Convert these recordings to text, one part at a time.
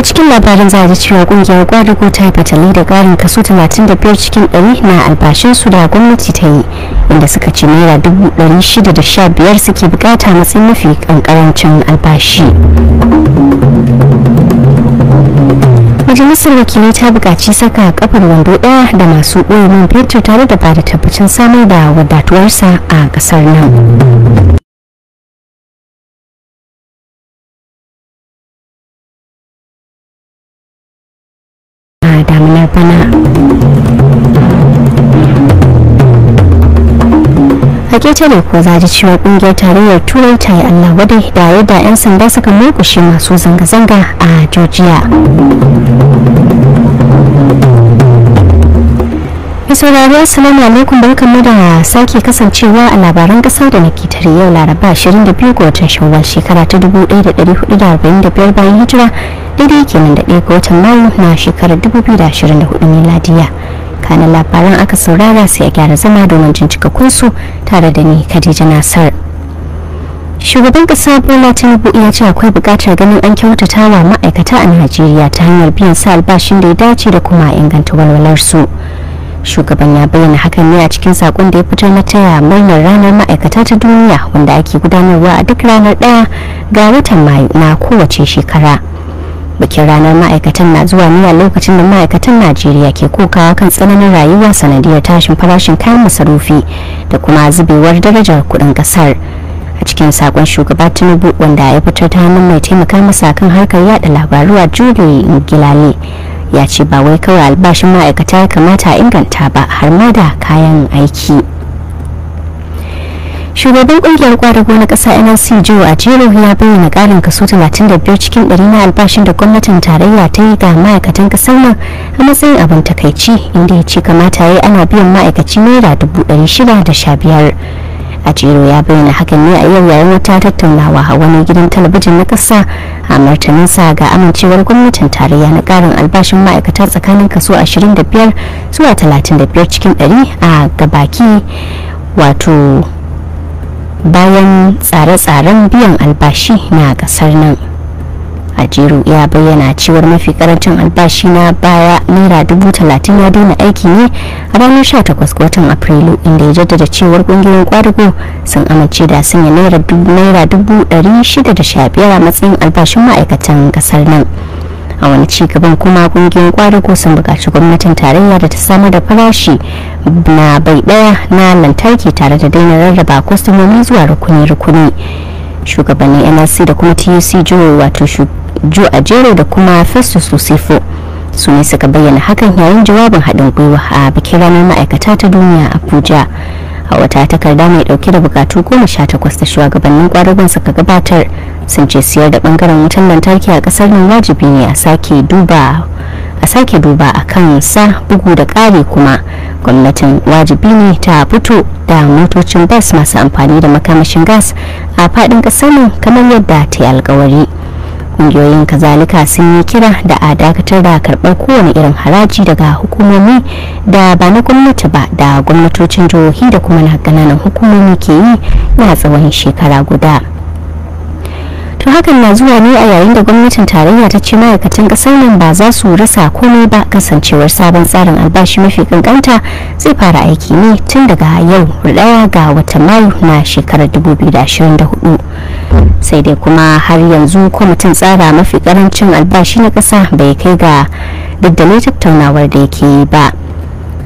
a cikin labarin za a ji cewa kungiyar kwadago ta yi fatali da karin kaso 35 cikin 100 na albashin su da gwamnati ta yi inda suka ci naira 615 suke bukata matsayin mafi kankarancin albashi majalisar wakilai ta buƙaci saka kafar wando ɗaya da masu ɓoye man fetur tare da ba da tabbacin samar da wadatuwarsa a ƙasar nan bana hakece ne ko za ji cewa kungiyar tarayyar turai ta yi allah wadai da yadda 'yan sanda suka murkushe masu zanga-zanga a georgia mai sauraro assalamu alaikum barkanmu da sake kasancewa a labaran kasa da na tare yau laraba 22 ga watan shawar shekara ta 1445 bayan hijira daidai kenan da ɗaya ga watan mayu na shekarar 2024 miladiya kanan labaran aka saurara sai a gyara zama domin jin cikakkunsu tare da ni khadija nasar shugaban kasa bola tinubu ya ce akwai buƙatar ganin an kyautata wa ma'aikata a najeriya ta hanyar biyan sa albashin da ya dace da kuma inganta walwalarsu su shugaban ya bayyana hakan ne a cikin sakon da ya fitar na taya murnar ranar ma'aikata ta duniya wanda ake gudanarwa a duk ranar daya ga watan mai na kowace shekara bikin ranar ma'aikatan na zuwa ne a lokacin da ma'aikatan najeriya ke kokawa kan tsananin rayuwa sanadiyar tashin farashin kayan masarufi da kuma zubewar darajar kudin kasar a cikin sakon shugaba tinubu wanda ya fitar ta hannun mai taimaka masa kan harkar yada labaru a julie gilale ya ce ba wai kawai albashin ma'aikata ya kamata a inganta ba har ma da kayan aiki shugaban kungiyar kwadago na kasa nlc joe a jero ya bayyana karin kaso 35 cikin 100 na albashin da gwamnatin tarayya ta yi ga ma'aikatan kasar nan a matsayin abin takaici inda ya ce kamata ya yi ana biyan ma'aikaci naira 615 a ciro ya bayyana hakan ne a yau yayin wata tattaunawa a wani gidan talabijin na kasa a sa ga amincewar gwamnatin tarayya na karin albashin ma'aikata tsakanin kaso 25 zuwa 35 cikin 100 a gabaki wato bayan tsare-tsaren biyan albashi na ƙasar nan ajeru ya bayyana cewar mafi karancin albashi na baya naira dubu talatin ya daina aiki ne a ranar 18 ga watan afrilu inda ya jaddada cewar kungiyoyin kwadugo sun amince da sanya naira dubu dari shida da sha biyar a matsayin albashin ma'aikatan kasar nan a wani ci gaban kuma kungiyoyin kwadugo sun buƙaci gwamnatin tarayya da ta samar da farashi na bai daya na lantarki tare da daina rarraba kwastomomi zuwa rukuni-rukuni shugabannin nlc da kuma tuc joe wato jo ajero da kuma festus sosifo su ne suka bayyana hakan yayin jawabin haɗin gwiwa a bikin ranar ma'aikata ta duniya abuja a wata takarda mai dauke da bukatu goma sha takwas da shugabannin kwadagon suka gabatar sun ce siyar da bangaren wutan lantarki a ƙasar nan wajibi ne a sake duba a sake duba a kan sa bugu da ƙari kuma gwamnatin wajibi ne ta fito da motocin bas masu amfani da makamashin gas a faɗin ƙasar nan kamar yadda ta yi alkawari kungiyoyin kazalika sun yi kira da a dakatar da karɓar kowane irin haraji daga hukumomi da ba na gwamnati ba da gwamnatocin jihohi da kuma na ganin hukumomi ke yi na tsawon shekara guda to hakan na zuwa ne a yayin da gwamnatin tarayya ta ce ma'aikatan kasar nan ba za su rasa komai ba kasancewar sabon tsarin albashi mafi kankanta zai fara aiki ne tun daga yau daya ga watan mayu na shekarar 2024 sai dai kuma har yanzu kwamitin tsara mafi karancin albashi na kasa bai kai ga duk tattaunawar da yake ba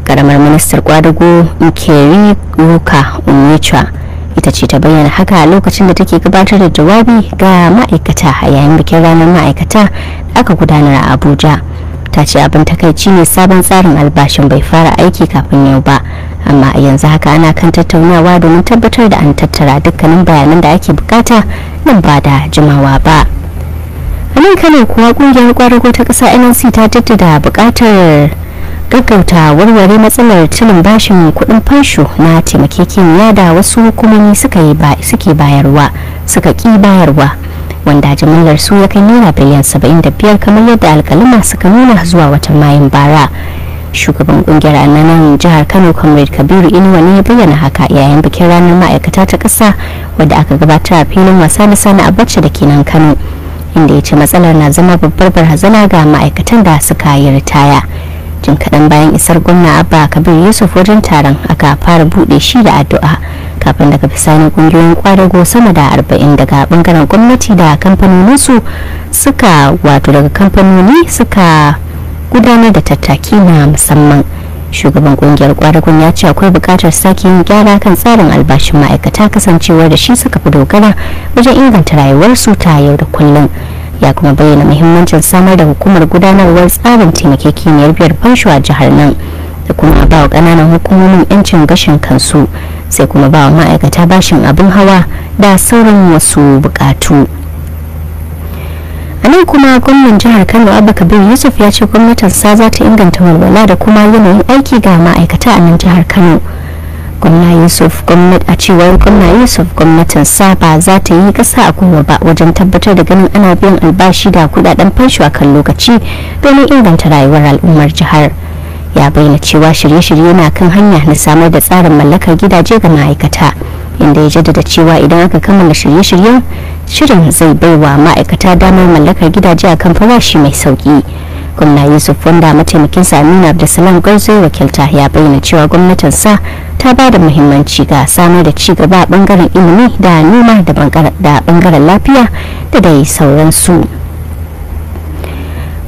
karamar ministar kwadago nkeri ruka onyecha ita ce ta bayyana haka a lokacin da take gabatar da jawabi ga ma'aikata a yayin bikin ranar ma'aikata da aka gudanar a abuja ta ce abin takaici ne sabon tsarin albashin bai fara aiki kafin yau ba amma a yanzu haka ana kan tattaunawa domin tabbatar da an tattara dukkanin bayanan da ake bukata nan ba da jimawa ba a nan kuwa kungiyar kwarago ta kasa nnc ta jaddada bukatar. gaggauta warware matsalar cilin bashin kuɗin fansho na taimakekeniya da wasu hukumomi suke bayarwa suka ki bayarwa wanda jimillar su ya kai naira biliyan 75 kamar yadda alkalima suka nuna zuwa wata mayan bara shugaban kungiyar annanan jihar kano comrade kabiru inuwa ne ya bayyana haka yayin bikin ranar ma'aikata ta ƙasa wadda aka gabatar a filin wasa na sani abacha da ke kano inda ya ce matsalar na zama babbar barazana ga ma'aikatan da suka yi ritaya jin kaɗan bayan isar gwamna abba kabir yusuf wajen taron aka fara buɗe shi da addu'a kafin daga bisani kungiyoyin kwadago sama da arba'in daga bangaren gwamnati da su suka wato daga kamfanoni suka gudanar da tattaki na musamman shugaban kungiyar kwadagon ya ce akwai bukatar sake yin gyara kan tsarin albashin ma'aikata kasancewar da shi suka fi dogara wajen inganta rayuwarsu ta yau da kullum ya kuma bayyana muhimmancin samar da hukumar gudanarwar tsarin taimake taimakekeniyar biyar fansho a jihar nan da kuma ba wa ƙananan hukumomin 'yancin gashin kansu sai kuma ba wa ma'aikata bashin abin hawa da sauran wasu buƙatu. a nan kuma gwamnan jihar kano abu kabir yusuf ya ce gwamnatin sa za ta inganta walwala da kuma yanayin aiki ga ma'aikata a nan jihar kano gwamna yusuf a cewar gwamna yusuf gwamnatin saba za ta yi kasa a kowa ba wajen tabbatar da ganin ana biyan albashi da kudaden fashi a kan lokaci domin inganta rayuwar al'ummar jihar ya bayyana cewa shirye-shirye na kan hanya na samar da tsarin mallakar gidaje ga ma'aikata inda ya jaddada cewa idan aka kammala shirye-shiryen shirin zai baiwa ma'aikata damar mallakar gidaje a kan farashi mai sauki gwamna yusuf wanda mataimakin sa amina abdulsalam gwarzo wakilta ya bayyana cewa gwamnatin sa ta ba da muhimmanci ga samar da ci gaba a bangaren ilimi da noma da bangaren lafiya da dai sauransu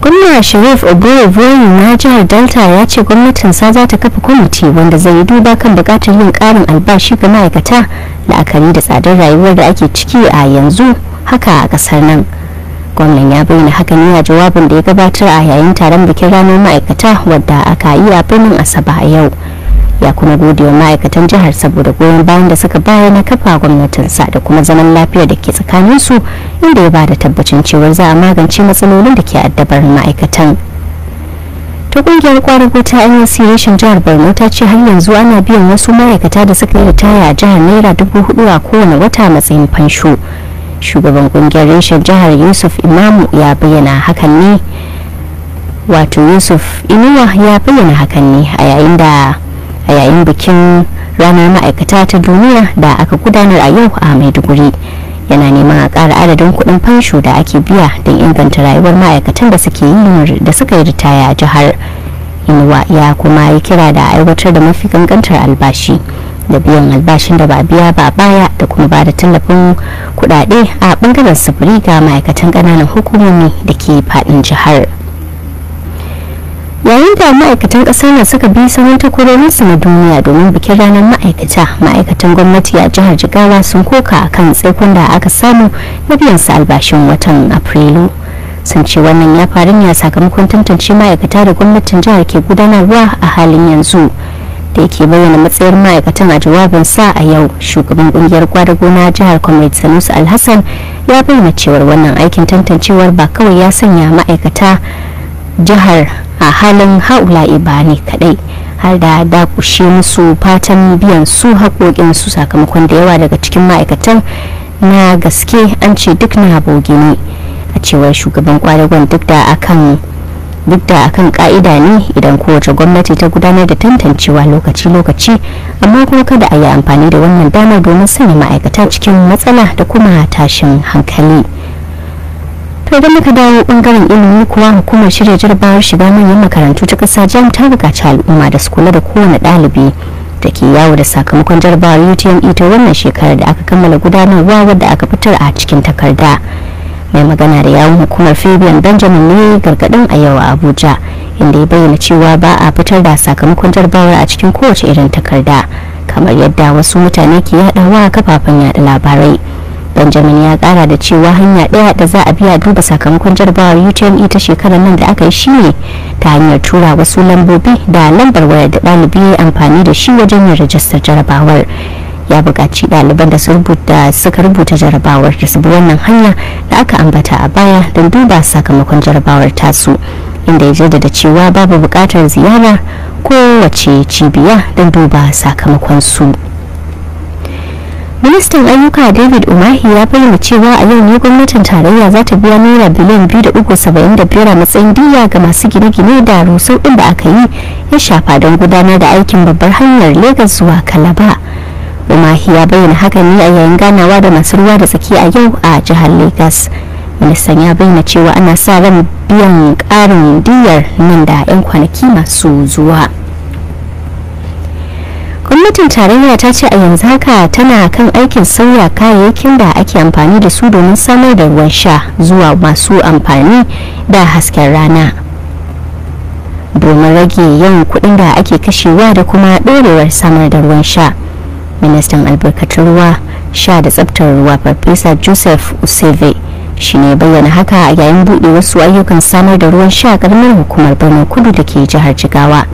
gwamna sharif ogorevori na jihar delta ya ce gwamnatinsa za ta kafa kwamiti wanda zai yi duba kan bukatar yin karin albashi ga ma'aikata la'akari da tsadar rayuwar da ake ciki a yanzu haka a kasar nan gwamnan ya bayyana hakan ne a jawabin da ya gabatar a yayin taron bikin ranar ma'aikata wadda aka yi a birnin asaba a yau ya kuma gode wa ma'aikatan jihar saboda goyon bayan da suka bayar na kafa gwamnatinsa da kuma zaman lafiya da ke tsakanin su inda ya bada tabbacin cewar za a magance matsalolin da ke addabar ma'aikatan ta kungiyar kwarago ta nlc reshen jihar borno ta ce har yanzu ana biyan wasu ma'aikata da suka yi ritaya a jihar naira dubu hudu a kowane wata matsayin fansho shugaban kungiyar reshen jihar yusuf imamu ya bayyana hakan ne wato yusuf inuwa ya bayyana hakan ne a yayin bikin ranar ma'aikata ta duniya da aka gudanar a yau a maiduguri yana neman a ƙara adadin kuɗin fansho da ake biya don inganta rayuwar ma'aikatan da suke yi da suka yi ritaya a jihar inuwa ya kuma yi kira da aiwatar da mafi ƙanƙantar albashi da biyan albashin da ba biya ba baya da kuma ba da tallafin kudade a bangaren sufuri ga ma'aikatan kananan hukumomi da ke fadin jihar yayin da ma'aikatan kasar nan suka bi sauran takwarorinsu na duniya domin bikin ranar ma'aikata ma'aikatan gwamnati a jihar jigawa sun koka kan tsaikon da aka samu na biyan su albashin watan afrilu sun ce wannan ya faru ne a sakamakon tantance ma'aikata da gwamnatin jihar ke gudanarwa a halin yanzu da yake bayyana matsayar ma'aikatan a jawabin sa a yau shugaban kungiyar kwadago na jihar comrade sanusi alhassan ya bayyana cewar wannan aikin tantancewar ba kawai ya sanya ma'aikata jihar a halin haula'i ba ne kadai har da dakushe musu fatan biyan su haƙoƙin su sakamakon da yawa daga cikin ma'aikatan na gaske an ce duk na boge ne a cewar shugaban kwadagon duk da akan duk da akan ka'ida ne idan kowace gwamnati ta gudanar da tantancewa lokaci-lokaci amma kuma kada a yi amfani da wannan damar domin sanya ma'aikata cikin matsala da kuma tashin hankali to da muka dawo bangaren ilimi kuwa hukumar shirya jarabawar shiga manyan makarantu ta kasa jam ta bukaci al'umma da su kula da kowane dalibi da ke yawo da sakamakon jarabawar utme ta wannan shekarar da aka kammala gudanarwa wadda aka fitar a cikin takarda mai magana da yawun hukumar fabian benjamin ne gargadin a yau a abuja inda ya bayyana cewa ba a fitar da sakamakon jarabawar a cikin kowace irin takarda kamar yadda wasu mutane ke yadawa kafafen yada labarai benjamin ya kara da cewa hanya daya da za a biya duba sakamakon jarabawar utme ta shekarar nan da aka yi shine ta hanyar tura wasu lambobi da lambar wayar da ɗalibi ya amfani da shi wajen yin rajistar jarabawar ya bukaci ɗaliban da suka rubuta jarabawar da su bi wannan hanya da aka ambata a baya don duba sakamakon jarabawar tasu inda ya jaddada cewa babu bukatar ziyara kowace cibiya don duba sakamakon su. ministan ayyuka david umahi ya bayyana cewa a yau ne gwamnatin tarayya za ta biya naira biliyan 2.75 a matsayin diya ga masu gine-gine da rusau ɗin da aka yi ya shafa don gudanar da aikin babbar hanyar lagos zuwa kalaba umahi ya bayyana hakan ne a yayin ganawa da masu ruwa da tsaki a yau a jihar lagos ministan ya bayyana cewa ana sa ran biyan karin diyar nan da 'yan kwanaki masu zuwa gwamnatin tarayya ta ce a yanzu haka tana kan aikin sauya kayayyakin da ake amfani da su domin samar da ruwan sha zuwa masu amfani da hasken rana domin rage yawan kuɗin da ake kashewa da kuma ɗorewar samar da ruwan sha ministan albarkatun ruwa sha da tsabtar ruwa farfesa joseph useve shi ne bayyana haka a yayin buɗe wasu ayyukan samar da ruwan sha karamar hukumar birnin kudu da ke jihar jigawa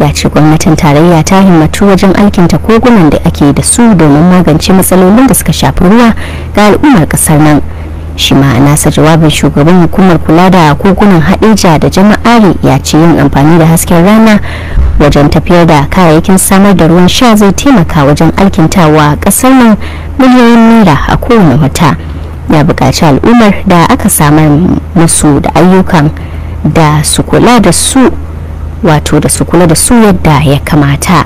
ya ce gwamnatin tarayya ta himmatu wajen aikin ta kogunan da ake da su domin magance matsalolin da suka shafi ruwa ga al'ummar ƙasar nan shi ma nasa jawabin shugaban hukumar kula da kogunan hadija da jama'ari ya ce yin amfani da hasken rana wajen tafiyar da kayayyakin samar da ruwan sha zai taimaka wajen alkintawa kasar nan miliyoyin naira a kowane wata ya buƙaci al'ummar da aka samar musu da ayyukan da su kula da su wato da su kula da su yadda ya kamata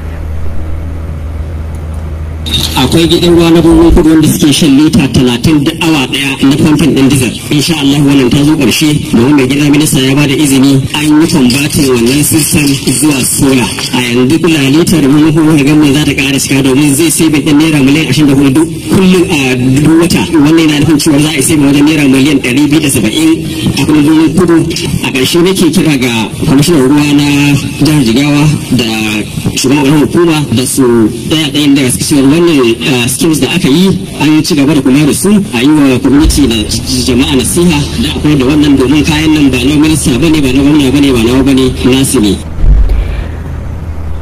akwai gidan ruwa na birnin kudu wanda suke shan lita talatin da awa daya na famfin din dizar insha Allah wannan ta zo karshe domin mai gida minista ya bada izini an yi kwambatin wannan sistem zuwa sola a yanzu kula lita da mun kudu ga mai za ta kara shiga domin zai sai bin naira miliyan ashirin da hudu kullum a duk wata wannan yana nufin cewa za a sai wajen naira miliyan ɗari biyu da saba'in a birnin kudu a ƙarshe nake kira ga kwamishinan ruwa na jihar jigawa da shugaban hukuma da su ɗaya ɗayan daga cikin wannan eh, skills da aka yi an ci gaba da kula da su a yi wa gwamnati da jama'a nasiha da akwai da wannan domin kayan nan ba na minista bane ba na gwamna bane ba na bane nasu ne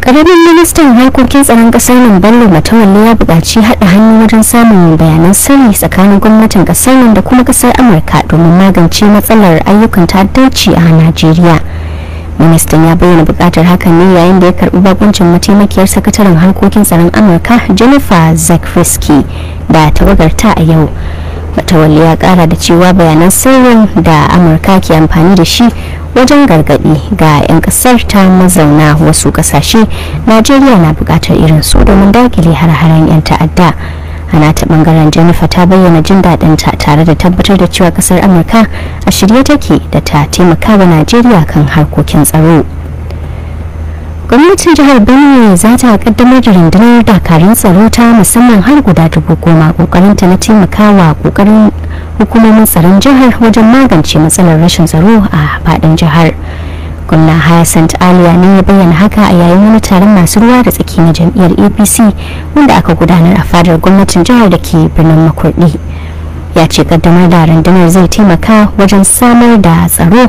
karamin ministan harkokin tsaron ƙasar nan bello matawalle ya buƙaci haɗa hannu wajen samun bayanan sirri tsakanin gwamnatin ƙasar nan da kuma ƙasar amurka domin magance matsalar ayyukan ta'addanci a najeriya ministan ya bayyana bukatar hakan ne yayin da ya karbi bakuncin mataimakiyar sakataren harkokin tsaron amurka jennifer zakriski da tawagarta a yau matawali ya kara da cewa bayanan sirrin da amurka ke amfani da shi wajen gargadi ga 'yan kasar ta mazauna wasu kasashe najeriya na bukatar irin su domin dakile har-haren 'yan ta'adda a nata bangaren jennifer ta bayyana jin ta tare da tabbatar da cewa kasar amurka a shirye take da ta taimaka wa najeriya kan harkokin tsaro gwamnatin jihar benue za ta kaddamar da rundunar dakarun tsaro ta musamman har guda dubu goma kokarin ta na taimaka wa kokarin hukumomin tsaron jihar wajen magance matsalar rashin tsaro a faɗin jihar Mulkulla Hyacinth Aliya ne ya bayyana haka a yayin wani taron masu ruwa da tsaki na jam'iyyar APC wanda aka gudanar a fadar gwamnatin jihar da ke birnin Makurdi. Ya ce kaddamar da rundunar zai taimaka wajen samar da tsaro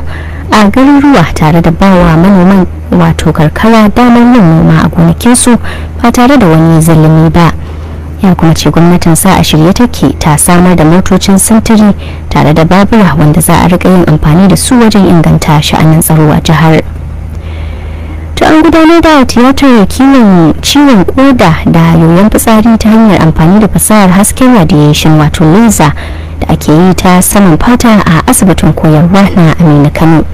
a garuruwa tare da bawa manoman wato karkara damar yin noma a gonakinsu ba tare da wani zalimi ba. ya kuma ce gwamnatin sa a shirye take ta samar da motocin sintiri tare da babura wanda za a rika yin amfani da su wajen inganta sha'anin tsaro a jihar ta an gudanar da tiyatar kiwon ciwon koda da yoyon fitsari ta hanyar amfani da fasahar hasken radiation wato laser da ake yi ta saman fata a asibitin koyarwa na amina kano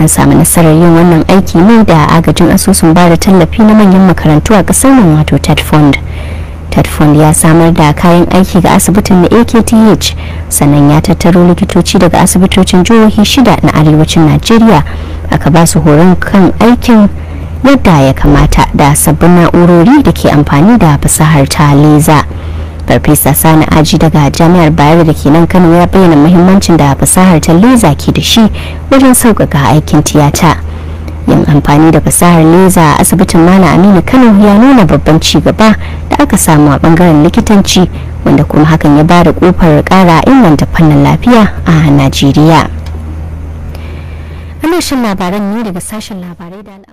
an samu nasarar yin wannan aiki ne da agajin asusun ba da tallafi na manyan makarantu a kasar nan wato ted fund tadfond ya samar da kayan aiki ga asibitin na akth sannan ya tattaro likitoci daga asibitocin jihohi shida na arewacin najeriya aka ba su horon kan aikin yadda ya kamata da sabbin na'urori da ke amfani da fasahar ta leza farfesa sani aji daga jami'ar bayero da ke nan kano ya bayyana muhimmancin da fasahar ta leza ke da shi wajen sauƙaƙa aikin tiyata yin amfani da fasahar leza a asibitin mana aminu kano ya nuna babban ci gaba da aka samu a bangaren likitanci wanda kuma hakan ya bada kofar kara inganta fannin lafiya a najeriya ana ne daga sashen labarai da